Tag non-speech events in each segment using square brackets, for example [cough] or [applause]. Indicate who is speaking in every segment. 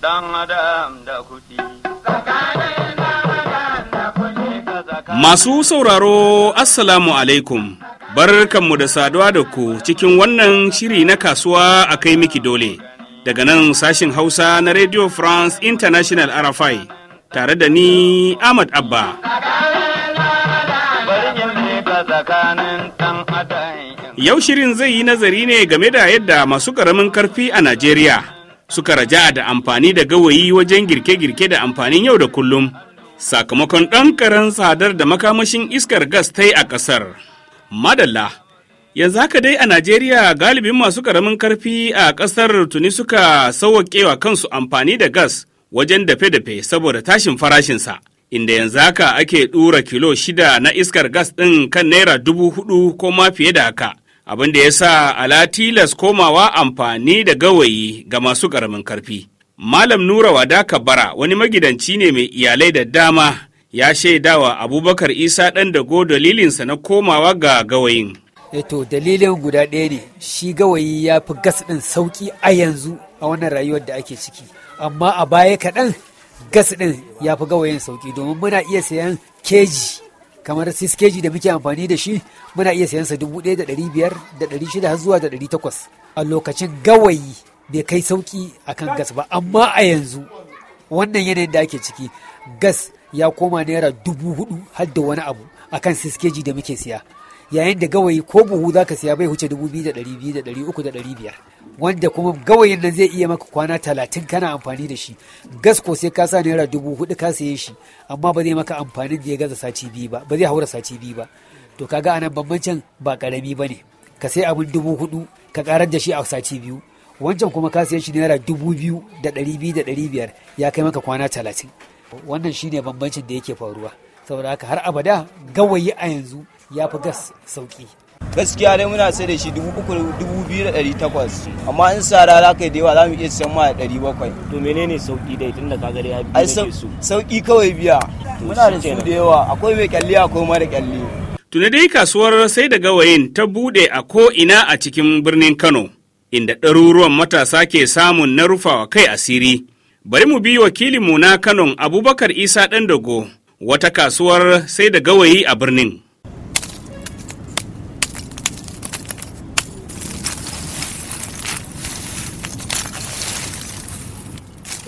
Speaker 1: Dan Adam da kuɗi. Masu sauraro Assalamu alaikum. Barkanmu da saduwa da ku cikin wannan shiri na kasuwa a kai miki dole. Daga nan sashin Hausa na Radio France International RFI tare da ni Ahmad Abba. Yau shirin zai yi nazari ne game da yadda masu ƙaramin karfi a Najeriya suka raja da amfani da gawayi wajen girke-girke da amfanin yau da kullum sakamakon ɗan karen tsadar da makamashin iskar gas ta yi a ƙasar. Madalla, yanzu haka dai a Najeriya galibin masu ƙaramin karfi a ƙasar tuni suka sauwaƙewa kansu amfani da gas wajen dafe-dafe saboda tashin farashinsa. inda yanzu haka ake ɗura kilo shida na iskar gas ɗin kan naira dubu hudu ko ma fiye da haka abin da ya sa ala tilas komawa amfani da gawayi ga masu ƙaramin karfi. Malam Nura Wada Kabara wani magidanci ne mai iyalai da dama ya shaidawa Abubakar Isa ɗan dago dalilinsa na komawa ga gawayin.
Speaker 2: Eto eh dalilin guda ɗaya ne shi gawayi ya fi gas ɗin sauƙi a yanzu a wannan rayuwar da ake ciki amma a baya kaɗan gas ɗin ya fi gawayin sauƙi domin muna iya sayan keji kamar siskeji da muke amfani da shi muna iya sayansa dubu ɗaya da ɗari biyar da ɗari shida har zuwa da ɗari takwas a lokacin gawayi bai kai sauki a kan gas ba amma a yanzu wannan yanayin da ake ciki gas ya koma naira dubu hudu har da wani abu akan siskeji da muke siya yayin da gawayi ko buhu za ka siya bai huce dubu biyu da ɗari biyu da ɗari uku da ɗari biyar wanda kuma gawayin nan zai iya maka kwana talatin kana amfani da shi gas ko sai ka sa naira dubu hudu ka saye shi amma ba zai maka amfanin da ya gaza sati biyu ba ba zai haura sati biyu ba to kaga anan bambancin ba karami ba ne ka sai abin dubu hudu ka karar da shi a sati biyu wancan kuma ka saye shi naira dubu biyu da ɗari biyu da ɗari biyar ya kai maka kwana talatin wannan shine bambancin da yake faruwa saboda haka har abada gawayi a yanzu ya fi gas sauki
Speaker 3: gaskiya dai muna sai da shi dubu biyu da takwas amma in sa za ka yi da yawa za mu iya siyan ma da bakwai. to menene sauki dai tunda ka gari ya biya su sauki kawai biya muna da su da yawa akwai mai kyalli akwai mara kyalli
Speaker 1: tuna dai kasuwar sai da gawayin ta bude a ko ina a cikin birnin Kano inda ɗaruruwan matasa ke samun na rufawa kai asiri bari mu bi wakilinmu na Kano Abubakar Isa Dandago wata kasuwar sai da gawayi a birnin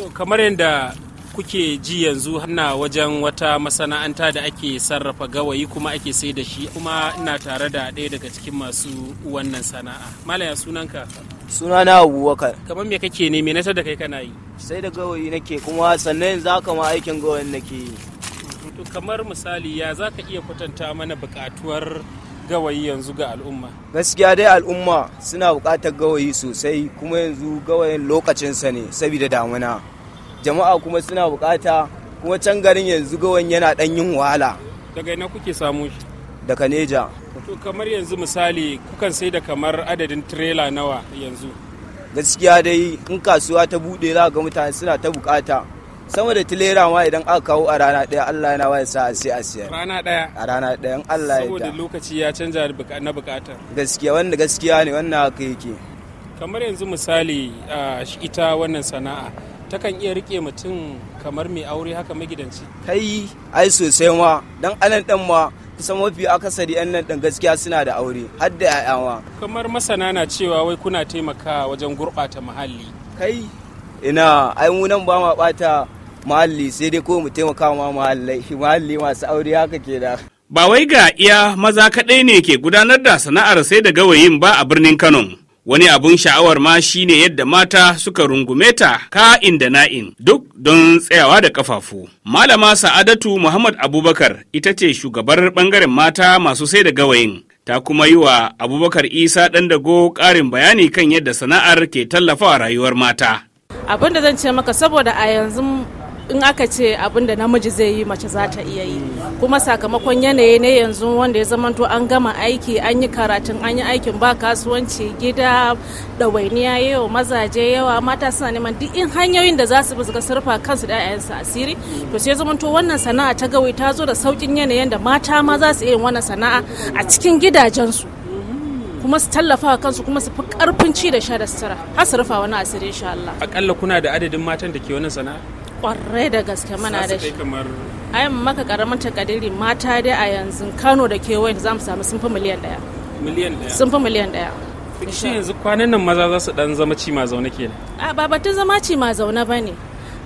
Speaker 4: To kamar yadda kuke ji yanzu hana wajen wata masana'anta da ake sarrafa gawayi kuma ake sai da shi kuma ina tare da ɗaya daga cikin masu wannan sana'a. Malaya sunanka?
Speaker 3: suna na abubakar
Speaker 4: kamar me kake ne me da kai kana yi sai da gawayi nake kuma sannan za ka ma aikin gawayin nake yi to kamar misali ya za ka iya kwatanta mana buƙatuwar gawayi yanzu ga al'umma
Speaker 3: gaskiya dai al'umma suna buƙatar gawayi sosai kuma yanzu gawayin lokacinsa ne saboda damuna jama'a kuma suna bukata kuma can garin yanzu gawan yana dan yin wahala
Speaker 4: daga ina kuke samu shi daga neja to kamar yanzu misali kukan sai da kamar adadin trailer nawa yanzu
Speaker 3: gaskiya dai in kasuwa ta bude za ga mutane suna ta bukata sama da tilera ma idan aka kawo a rana ɗaya Allah yana wayan sa a sai a siyar. Rana
Speaker 4: ɗaya? A rana ɗaya Allah ya Saboda lokaci ya canja na bukatar.
Speaker 3: Gaskiya wanda gaskiya ne wannan haka yake.
Speaker 4: Kamar yanzu misali ah, ita wannan sana'a takan iya rike mutum kamar mai aure haka magidanci
Speaker 3: kai ai sosai ma dan anan dan ma kusan mafi akasari yan nan dan gaskiya suna da aure har da ƴaƴa
Speaker 4: kamar masana na cewa wai kuna taimakawa wajen gurɓata muhalli kai
Speaker 3: ina ai mu nan ba ma bata muhalli sai dai ko mu taimaka ma muhalli [laughs] muhalli masu aure haka ke da.
Speaker 1: ba wai ga iya maza kaɗai ne ke gudanar da sana'ar sai da gawayin ba a birnin Kano. Wani abun sha'awar ma shine yadda mata suka rungume ta ka'in da na'in duk don tsayawa da kafafu. Malama Sa'adatu Muhammad Abubakar ita ce shugabar bangaren mata masu sai da gawayin. ta kuma yi wa abubakar isa ɗan dago ƙarin bayani kan yadda sana'ar ke tallafawa rayuwar mata
Speaker 5: abin da zan ce maka saboda a yanzu in aka ce abin da namiji zai yi mace za ta iya yi kuma sakamakon yanayi ne yanzu wanda ya zamanto an gama aiki an yi karatun an yi aikin ba kasuwanci gida ɗawainiya yawa mazaje yawa mata suna neman duk in hanyoyin da za su bi surfa kansu da 'ya'yansu asiri to sai zamanto wannan sana'a ta gawi ta zo da saukin yanayin da mata ma za su iya yin wannan sana'a a cikin gidajensu kuma su tallafa wa kansu kuma su fi karfin ci da sha da sutura har su rufa wani asiri insha Allah
Speaker 4: akalla kuna da adadin matan da ke wannan sana'a
Speaker 5: kwarai da gaske mana da shi a yin maka karamin takadiri mata dai a yanzu kano da kewayen za mu samu sun fi miliyan daya
Speaker 4: miliyan daya sun fi miliyan daya shi yanzu kwanan nan maza za su dan zama ma zaune kenan
Speaker 5: a ba batun zama ma zaune ba ne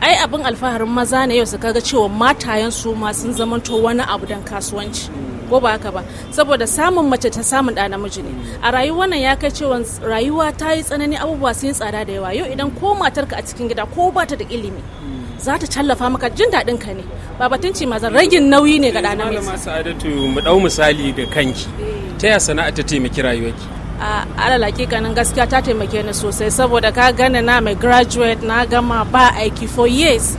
Speaker 5: ai abin alfaharin maza ne yau su kaga cewa matayen su ma sun zamanto wani abu dan kasuwanci mm. ko ba haka ba saboda samun mace ta samun da namiji ne mm. a rayuwar nan ya kai cewa rayuwa ta yi tsanani abubuwa sun yi tsada da yawa yau idan ko matarka a cikin gida ko ba ta da ilimi mm. za ta tallafa maka jin daɗin ka ne ba batunci ma ragin nauyi ne ga ɗana mai masu
Speaker 4: adatu mu ɗau misali da kanki ta ya sana'a ta taimaki rayuwarki
Speaker 5: a alal gaskiya ta taimake ni sosai saboda ka gane na mai graduate na gama ba aiki for years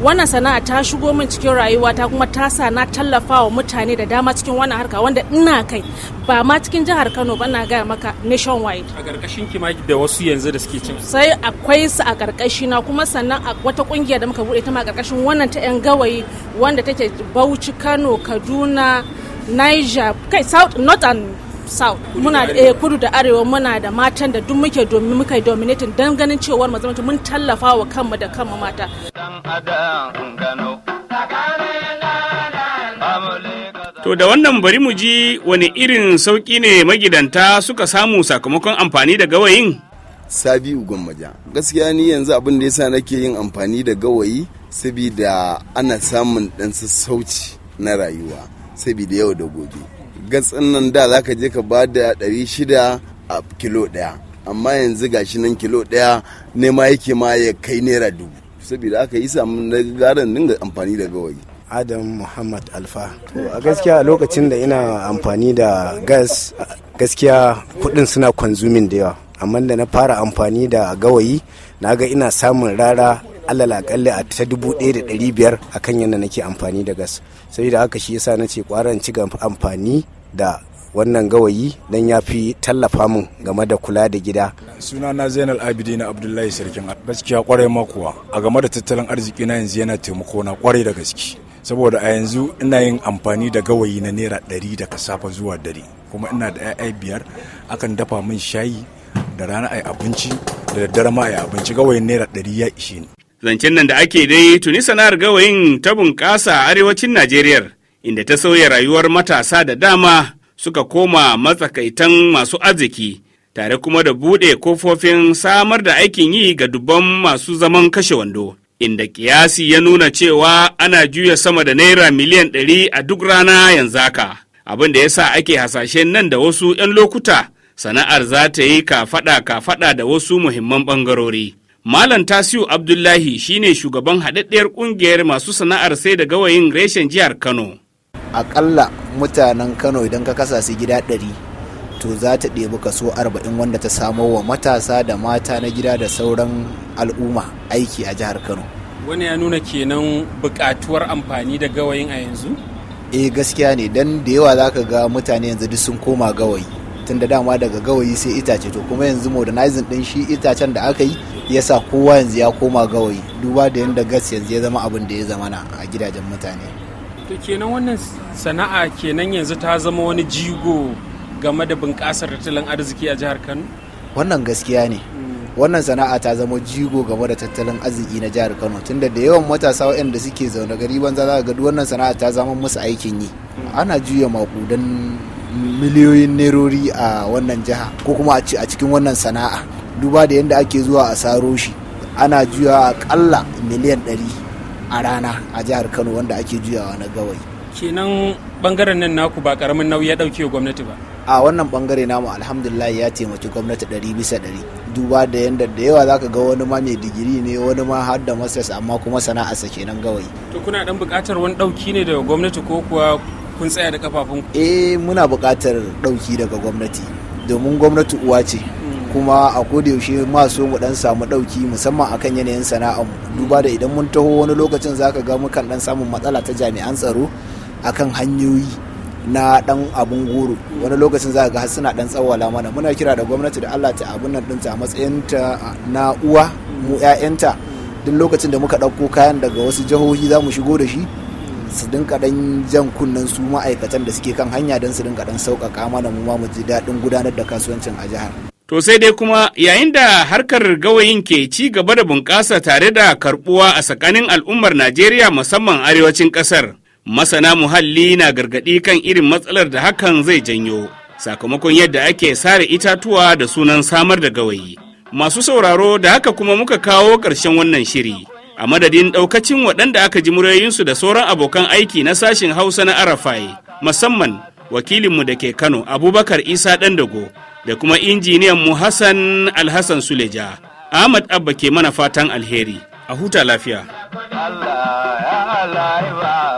Speaker 5: wannan sana'a ta shigo min cikin rayuwata kuma ta sa na tallafa wa mutane da dama cikin wannan harka wanda ina kai ba ma cikin jihar Kano ba na gaya maka nationwide
Speaker 4: a karkashin ki da wasu yanzu da suke cin
Speaker 5: sai akwai su a karkashi na kuma sannan a wata kungiya da muka bude ta ma karkashin wannan ta yan gawayi wanda take Bauchi Kano Kaduna Niger kai South northern south muna da eh, kudu da arewa muna da matan da duk muke domin muka yi dominating don ganin cewar mazamanta mun tallafa wa kanmu da kanmu mata
Speaker 1: To da wannan bari mu ji wani irin sauƙi ne magidanta suka samu sakamakon amfani da gawayin?
Speaker 3: Sabi'u Gwammaja. Gaskiya ni yanzu abin da yasa nake yin amfani da gawayi saboda ana samun ɗan sassauci na rayuwa saboda yau da gobe. gatsin nan da za ka je ka ba da 600 shida a kilo daya amma yanzu ga shi nan kilo ɗaya nema yake ma ya kai naira dubu saboda aka yi samu na garin dinga amfani da gawayi adam muhammad alfa to a gaskiya a lokacin da ina amfani da gas gaskiya kudin suna kwanzumin da yawa amma da na fara amfani da gawayi na ga ina samun rara alal akalli a ta dubu ɗaya da ɗari biyar akan yadda nake amfani da gas sai da haka shi yasa na ce kwaran ci amfani da wannan gawayi don ya fi tallafa mun game da kula da gida. Sunana Zainal Abidi na Abdullahi Sarkin gaskiya kwarai makuwa a game da tattalin arziki na yanzu yana taimako na kwarai da gaske. Saboda a yanzu ina yin amfani da gawayi na naira ɗari da kasafa zuwa dari kuma ina da 'ya'ya biyar akan dafa min shayi da rana a abinci da daddare ma a abinci gawayin naira ɗari ya ishe ni.
Speaker 1: Zancen nan da ake dai tuni sana'ar gawayin ta bunƙasa arewacin Najeriya. inda ta sauya rayuwar matasa da dama suka koma matsakaitan masu arziki tare kuma da buɗe kofofin samar da aikin yi ga dubban masu zaman kashe wando inda kiyasi ya nuna cewa ana juya sama da naira miliyan ɗari a duk rana yanzu haka abin da ya sa ake hasashen nan da wasu 'yan lokuta sana'ar za ta yi kafaɗa kafaɗa da wasu muhimman ɓangarori. Malam Tasiu Abdullahi shine shugaban haɗaɗɗiyar ƙungiyar masu sana'ar sai da gawayin reshen jihar Kano. akalla
Speaker 6: mutanen kano idan ka kasa su gida ɗari to za ta ɗebi kaso arba'in wanda ta samo wa matasa da mata na gida da sauran al'umma aiki a jihar kano
Speaker 4: wani ya nuna kenan buƙatuwar amfani da gawayin a yanzu
Speaker 6: eh gaskiya ne dan da yawa za ka ga mutane yanzu duk sun koma gawayi tun da dama daga gawayi sai itace to kuma yanzu modernizing din shi itacen da aka yi ya sa kowa yanzu ya koma gawayi duba da yadda gas yanzu ya zama abin da ya zamana a gidajen mutane
Speaker 4: to kenan wannan sana'a kenan yanzu ta zama wani jigo game da bunƙasar tattalin arziki a jihar kano
Speaker 6: wannan gaskiya ne hmm. wannan sana'a ta zama jigo game da tattalin arziki na jihar kano tunda da yawan matasa waɗanda suke zaune gari banza za ga wannan sana'a ta zama musu aikin yi hmm. ana juya makudan miliyoyin nerori a wannan jiha ko kuma a cikin wannan sana'a duba da yadda ake zuwa a saro shi ana juya akalla miliyan ɗari a rana a jihar kano wanda ake juyawa na gawai
Speaker 4: kenan bangaren nan naku ba karamin nauyi ya dauke gwamnati ba
Speaker 6: a wannan bangare namu alhamdulillah ya taimaki gwamnati ɗari bisa ɗari duba da yadda da yawa zaka ga wani ma mai digiri ne wani ma har da masters amma kuma sana'a sa kenan gawai
Speaker 4: to kuna dan buƙatar wani ɗauki ne daga gwamnati ko kuwa kun tsaya da kafafun
Speaker 6: eh muna buƙatar ɗauki daga gwamnati domin gwamnati uwa ce kuma a yaushe masu mu dan samu dauki musamman akan yanayin sana'a mu duba da idan mun taho wani lokacin zaka ga mukan dan samun matsala ta jami'an tsaro akan hanyoyi na dan abun goro wani lokacin za ga har suna dan tsawala mana muna kira da gwamnati da Allah ta abun nan dinta a ta na uwa mu 'ya'yanta duk lokacin da muka ɗauko kayan daga wasu jihohi za mu shigo da shi su dinka dan jan kunnen su ma'aikatan da suke kan hanya don su dinka dan sauƙaƙa mana mu ma mu ji daɗin gudanar da kasuwancin a jihar.
Speaker 1: To sai dai kuma yayin da harkar gawayin ke ci gaba da bunƙasa tare da karɓuwa a tsakanin al'ummar Najeriya musamman arewacin ƙasar, masana muhalli na gargaɗi kan irin matsalar da hakan zai janyo, sakamakon yadda ake sare itatuwa da sunan samar da gawayi. Masu sauraro da haka kuma muka kawo ƙarshen wannan shiri. a madadin ɗaukacin waɗanda aka ji muryoyinsu da sauran abokan aiki na sashin hausa na arafai musamman wakilinmu da ke Kano Abubakar Isa Dandago da kuma injiniyan mu Hassan Alhassan Suleja. Ahmad Abba ke mana fatan alheri. A huta lafiya.
Speaker 2: Allah ya Allah